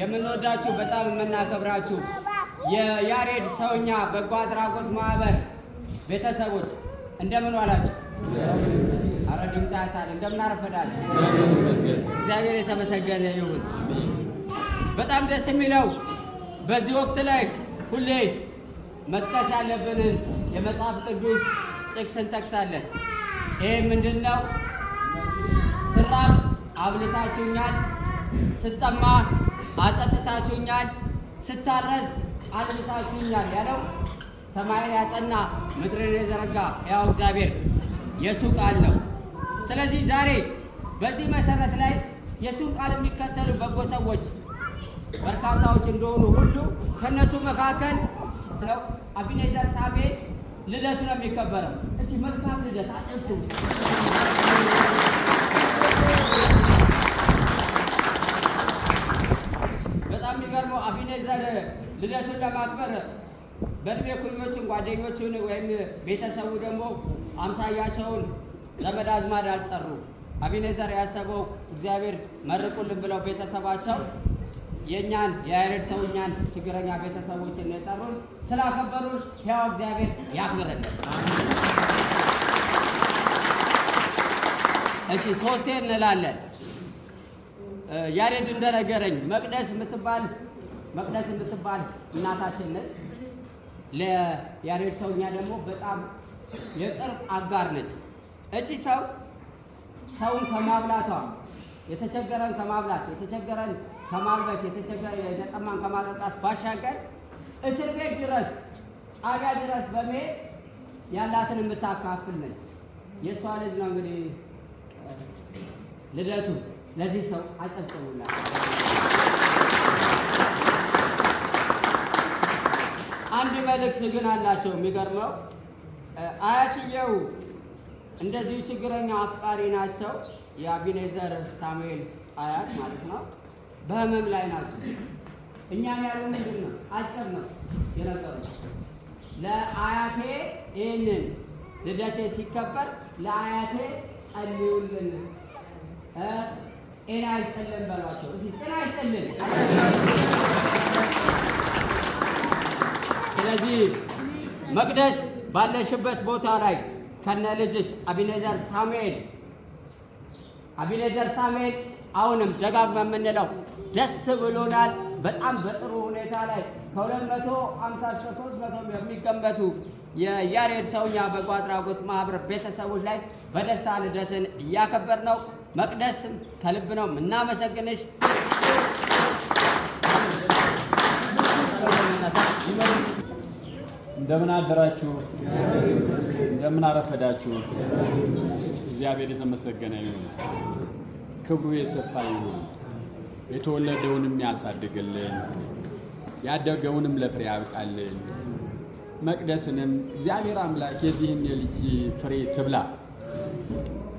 የምንወዳችሁ በጣም የምናከብራችሁ የያሬድ ሰውኛ በጎ አድራጎት ማህበር ቤተሰቦች እንደምን ዋላችሁ? አረ ድምፅ ያሳል። እንደምን አረፈዳል? እግዚአብሔር የተመሰገነ ይሁን። በጣም ደስ የሚለው በዚህ ወቅት ላይ ሁሌ መጥቀስ ያለብንን የመጽሐፍ ቅዱስ ጥቅስ እንጠቅሳለን። ይህ ምንድን ነው? ስራብ አብልታችሁኛል፣ ስጠማ አጠጥታችሁኛል፣ ስታረዝ አልብሳችሁኛል ያለው ሰማይን ያጸና ምድርን የዘረጋ ያው እግዚአብሔር የእሱ ቃል ነው። ስለዚህ ዛሬ በዚህ መሰረት ላይ የእሱን ቃል የሚከተሉ በጎ ሰዎች በርካታዎች እንደሆኑ ሁሉ ከእነሱ መካከል ነው አቢኔዘር ሳሜ ልደቱ ነው የሚከበረው። እስቲ መልካም ልደት አጠንቱ እኔዘር ልደቱን ለማክበር በእድሜ ኩዮችን ጓደኞቹን ወይም ቤተሰቡ ደግሞ አምሳያቸውን ዘመድ አዝማድ አልጠሩ። አቢኔዘር ያሰበው እግዚአብሔር መርቁልን ብለው ቤተሰባቸው የእኛን የአይረድ ሰው እኛን ችግረኛ ቤተሰቦችን የጠሩን ስላከበሩን ያው እግዚአብሔር ያክብርልን። እሺ ሶስቴ እንላለን። ያሬድ እንደነገረኝ መቅደስ የምትባል መቅደስ የምትባል እናታችን ነች። ለያሬድ ሰውኛ ደግሞ በጣም የቅርብ አጋር ነች። እቺ ሰው ሰውን ከማብላቷ የተቸገረን ከማብላት የተቸገረን ከማልበት የተጠማን ከማጠጣት ባሻገር እስር ቤት ድረስ ጣቢያ ድረስ በመሄድ ያላትን የምታካፍል ነች። የእሷ ልጅ ነው እንግዲህ ልደቱ። ለዚህ ሰው አጨብጭቡላት። አንድ መልእክት ግን አላቸው። የሚገርመው አያትየው እንደዚሁ ችግረኛ አፍቃሪ ናቸው። የአቢኔዘር ሳሙኤል አያት ማለት ነው። በህመም ላይ ናቸው። እኛም ያሉ ምንድን ነው አጭር ነው የነገሩ ለአያቴ ይህንን ልደቴ ሲከበር ለአያቴ ጸልዩልን፣ ጤና ይስጥልን በሏቸው። እስኪ ጤና ይስጥልን ስለዚህ መቅደስ ባለሽበት ቦታ ላይ ከነ ልጅሽ አቢነዘር ሳሙኤል አቢነዘር ሳሙኤል አሁንም ደጋግመ የምንለው ደስ ብሎናል። በጣም በጥሩ ሁኔታ ላይ መቶ 250 እስከ መቶ የሚገመቱ የያሬድ ሰውኛ በጎ አድራጎት ማህበር ቤተሰቦች ላይ በደስታ ልደትን እያከበር ነው። መቅደስም ከልብ ነው እናመሰግንሽ። እንደምን አደራችሁ፣ እንደምን አረፈዳችሁ። እግዚአብሔር የተመሰገነ ይሁን፣ ክብሩ የሰፋ ይሁን። የተወለደውንም ያሳድግልን፣ ያደገውንም ለፍሬ ያብቃልን። መቅደስንም እግዚአብሔር አምላክ የዚህን የልጅ ፍሬ ትብላ፣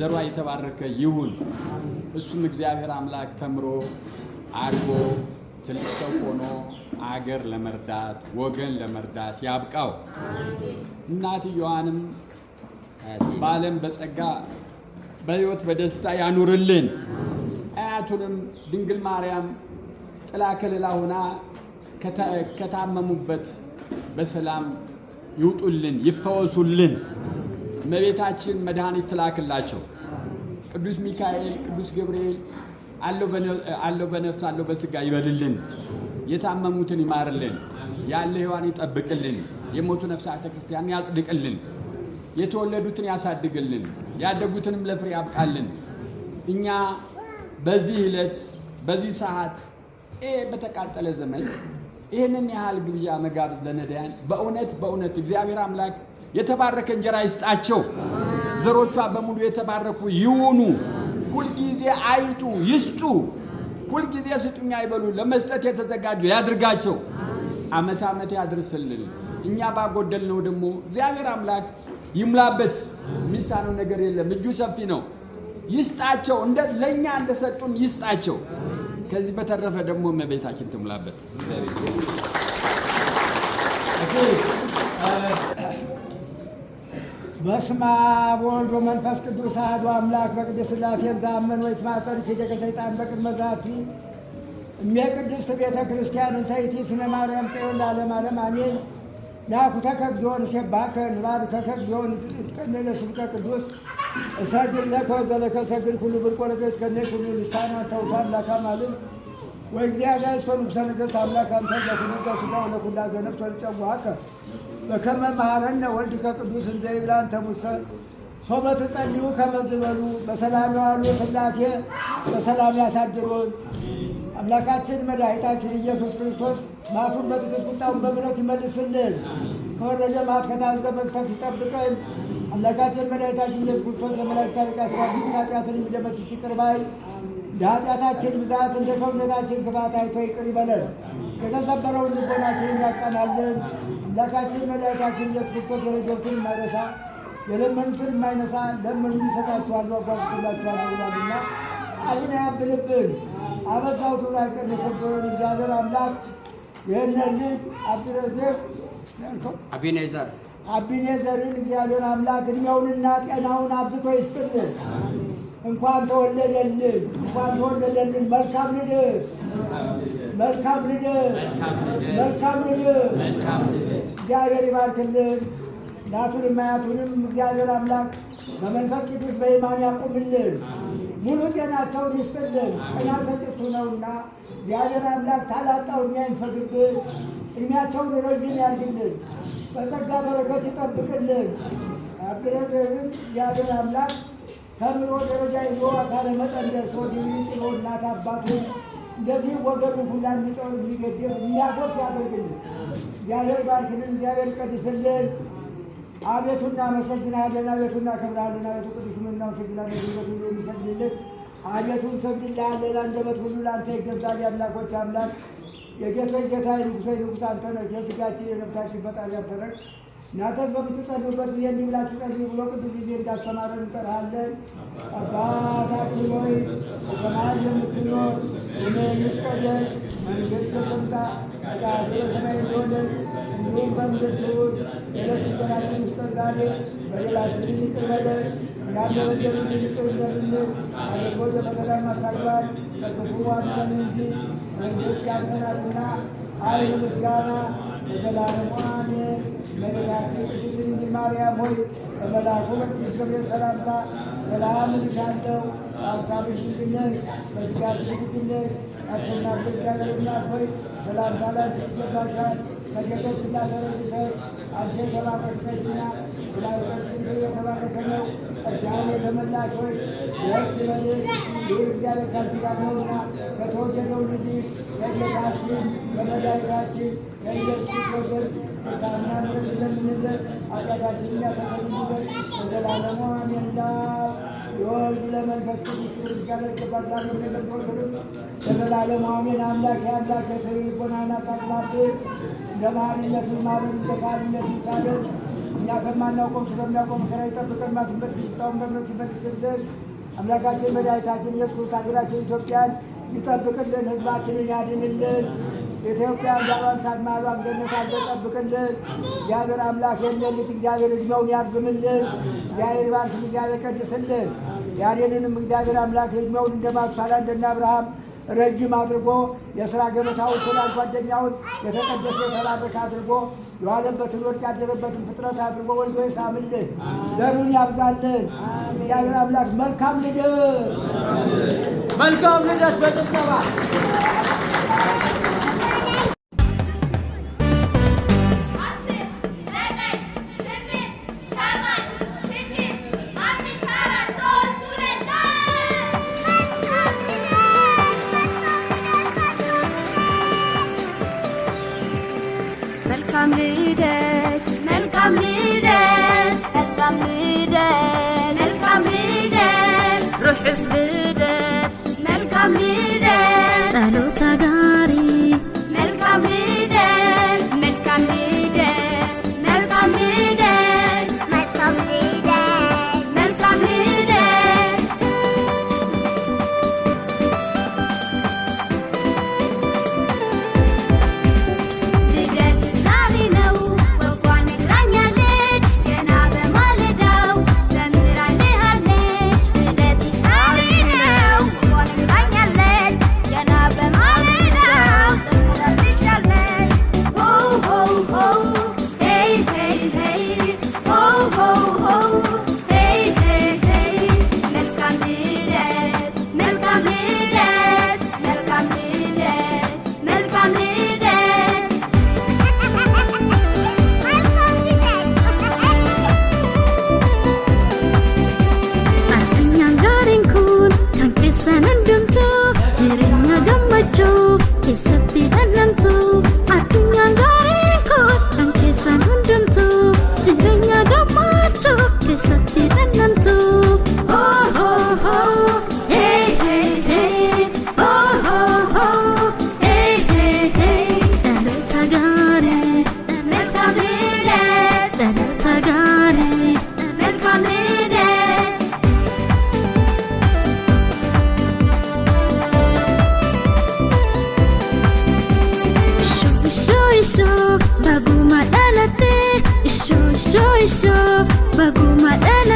ዘሯ የተባረከ ይሁን። እሱም እግዚአብሔር አምላክ ተምሮ አድጎ ትልቅ ሰው ሆኖ አገር ለመርዳት ወገን ለመርዳት ያብቃው። እናትየዋንም በዓለም በጸጋ በሕይወት በደስታ ያኑርልን። አያቱንም ድንግል ማርያም ጥላ ከለላ ሆና ከታመሙበት በሰላም ይውጡልን፣ ይፈወሱልን። እመቤታችን መድኃኒት ትላክላቸው። ቅዱስ ሚካኤል፣ ቅዱስ ገብርኤል አለው በነፍስ አለው በስጋ ይበልልን። የታመሙትን ይማርልን፣ ያለ ሕያዋን ይጠብቅልን፣ የሞቱ ነፍሳተ ክርስቲያን ያጽድቅልን፣ የተወለዱትን ያሳድግልን፣ ያደጉትንም ለፍሬ ያብቃልን። እኛ በዚህ ዕለት በዚህ ሰዓት ይሄ በተቃጠለ ዘመን ይህንን ያህል ግብዣ መጋብ ለነዳያን በእውነት በእውነት እግዚአብሔር አምላክ የተባረከ እንጀራ ይስጣቸው። ዘሮቿ በሙሉ የተባረኩ ይሁኑ። ሁልጊዜ አይጡ፣ ይስጡ። ሁልጊዜ ስጡኝ አይበሉ፣ ለመስጠት የተዘጋጁ ያድርጋቸው። አመት አመት ያድርስልን። እኛ ባጎደልነው ደግሞ እግዚአብሔር አምላክ ይሙላበት። የሚሳነው ነገር የለም። እጁ ሰፊ ነው። ይስጣቸው፣ ለእኛ እንደሰጡን ይስጣቸው። ከዚህ በተረፈ ደግሞ እመቤታችን ትሙላበት። በስመ አብ ወወልድ ወመንፈስ ቅዱስ አሐዱ አምላክ በቅድስት ሥላሴ ዘአመን ወይ ትማፀን ፊደቀ ሰይጣን በቅድመ ዛቲ እሜ ቅድስት ቤተ ክርስቲያን እንተይቲ ስነ ማርያም ጽዮን ለዓለመ ዓለም አሜን። ናኩተከ እግዚኦ ንሴብሐከ ንባርከከ እግዚኦ ንጥቀነ ለስብከ ቅዱስ እሰግድ ለከ ዘለከ ሰግድ ኩሉ ብርቆ ለከ ይትከነ ኩሉ ልሳነ አንተ ውእቱ ማልም ወይ እግዚአብሔር ስቶ ንጉሰ ነገሥት አምላክ አንተ ለኩሉ ዘሥጋ ወለኩላ ዘነፍስ ወልጸዋከ በከመ መሃረነ ወልድከ ቅዱስ እንዘ ይብላንተ ሙሰ ሶበ ትጸልዩ ከመ ዝበሉ። በሰላም ያሉ ስላሴ በሰላም ያሳድሩን። አምላካችን መድኃኒታችን ኢየሱስ ክርስቶስ ማቱን በትዕግስት ቁጣውን በምሕረት ይመልስልን። ከወረደ ማት ከታዘዘ መቅሰፍት ይጠብቀን። አምላካችን መድኃኒታችን ኢየሱስ ክርስቶስ ለመላእክት አለቃ ሠራዊት ኃጢአትን የሚደመስስ ይቅር ባይ እንደ ኃጢአታችን ብዛት እንደ ሰውነታችን ክፋት አይቶ ይቅር ይበለን። የተሰበረውን ልቦናችን ያቀናልን። አምላካችን መድኃኒታችን ኢየሱስ ክርስቶስ የነገርኩን የማይረሳ የለመኑትን የማይነሳ ለምኑ ይሰጣችኋለሁ አጓዝቶላችኋለሁ ብሏልና አይን አያብልብን አበዛውቱ ላይ አይቀንስብን። እግዚአብሔር አምላክ ይህንን ልጅ አብድረዘር አቢኔዘር አቢኔዘርን እግዚአብሔር አምላክ እድሜውንና ጤናውን አብዝቶ ይስጥልን። እንኳን ተወለደልን እንኳን ተወለደልን። መልካም ልደት መልካም ልደት መልካም ልደት። እግዚአብሔር ይባርክልን። እናቱንም አያቱንም እግዚአብሔር አምላክ በመንፈስ ቅዱስ በኢማን ያቁምልን። ሙሉ ጤናቸውን ይስጥልን። ጤና ሰጭቱ ነውና እግዚአብሔር አምላክ ታላጣው የሚያንፈግብን እድሜያቸውን ረጅም ያድርግልን። በጸጋ በረከት ይጠብቅልን። አብረዘብን እግዚአብሔር አምላክ ተምሮ ደረጃ ይዞ አካለ መጠን ደርሶ ዲግሪ ጥሎ እናት አባቱ እንደዚህ ወገኑ ሁላ የሚጠር የሚገደብ የሚያጎርስ ያደርግልን ባርክልን፣ እግዚአብሔር ቀድስልን። አቤቱ እናመሰግናለን፣ አቤቱ እናከብራለን፣ አቤቱ ቅዱስ እናመሰግናለን። ጉልበት ሁሉ የሚሰግድልን አቤቱ እንሰግድልሃለን። አንደበት ሁሉ ለአንተ ይገዛል። የአምላኮች አምላክ የጌቶች ጌታ የንጉሶች ንጉስ አንተ ነህ። የሥጋችን የነፍሳችን ፈጣሪ አንተ ነህ። ናተስ በምትጸልዩበት ጊዜ እንዲህ ብላችሁ ጸልዩ ብሎ ቅዱስ ጊዜ እንዳስተማረን እንጠራለን። አባታችን ሆይ በሰማይ የምትኖር ስምህ ይቀደስ፣ መንግሥትህ ትምጣ፣ ፈቃድህ በሰማይ እንደሆነች እንዲሁም በምድር ትሁን። የዕለት እንጀራችንን ስጠን ዛሬ፣ በደላችንን ይቅር በለን እኛም የበደሉንን ይቅር እንደምንል፣ ወደ ፈተናም አታግባን፣ ከክፉ አድነን እንጂ መንግሥት ያንተ ናትና ኃይል፣ ምስጋና ለዘላለሙ አሜን። እመቤታችን ድንግል ማርያም ሆይ በመልአኩ በቅዱስ ገብርኤል ሰላምታ ሰላም እልሻለሁ። በሀሳብሽ ድንግል ነሽ፣ በሥጋሽ ድንግል ነሽ። አሸናፊ እግዚአብሔር እናት ሆይ ሰላምታ ላንቺ ይገባሻል። መገደት እንዳደረግተሽ አንቺ የተባረክሽ ነሽና ላይቶችን ፍሬ የተባረከ ነው። ጸጋን የተመላሽ ሆይ ደስ ይበልሽ፣ ይህ እግዚአብሔር ካንቺ ጋር ነውና በተወደደው ልጅሽ በጌታችን በመድኃኒታችን በኢየሱስ ክርስቶስ አታናግረን ስለምንል ኃጢአታችንን ያሰሰንበት በዘላለሙ አሜን። የወልድ ለዘላለሙ አሜን። አምላክ የአምላክ የሰሪቦናና ታቅላፍ ለማሪነቱ ማረን ለካሪነቱ ይታደል። እኛ ከማናውቀው ስለሚያውቀው መከራ ይጠብቀን። ማትበት ስጣውን በምረቱበት ስደት አምላካችን መድኃኒታችን ኢየሱስ ሀገራችን ኢትዮጵያን ይጠብቅልን፣ ህዝባችንን ያድንልን። ኢትዮጵያ ዛባን ሳማሏን ገነት አድርጎ ጠብቅልን። እግዚአብሔር አምላክ የለልት እግዚአብሔር እድሜውን ያርዝምልን። እግዚአብሔር ባርክ እግዚአብሔር ቀድስልን። ያሬንንም እግዚአብሔር አምላክ የእድሜውን እንደ ማቱሳላ እንደና አብርሃም ረጅም አድርጎ የሥራ ገበታው ስላል ጓደኛውን የተቀደሰ የተባረከ አድርጎ የዋለበትን ወርቅ ያደረበትን ፍጥረት አድርጎ ወልዶ ይሳምልን፣ ዘሩን ያብዛልን። እግዚአብሔር አምላክ መልካም ልደት መልካም ልደት በጭብጨባ